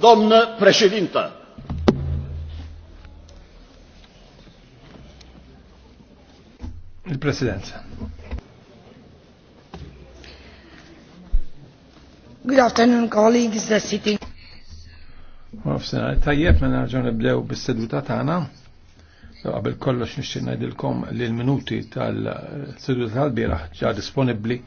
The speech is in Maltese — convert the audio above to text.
Domnă președintă! Il-Presidenza. Good afternoon, colleagues, the sitting. Mufsina, tajjeb minn mela ġon nibdew bis-seduta tagħna. Qabel kollox nixtieq ngħidilkom li l-minuti tal-seduta tal-bieraħ ġa disponibbli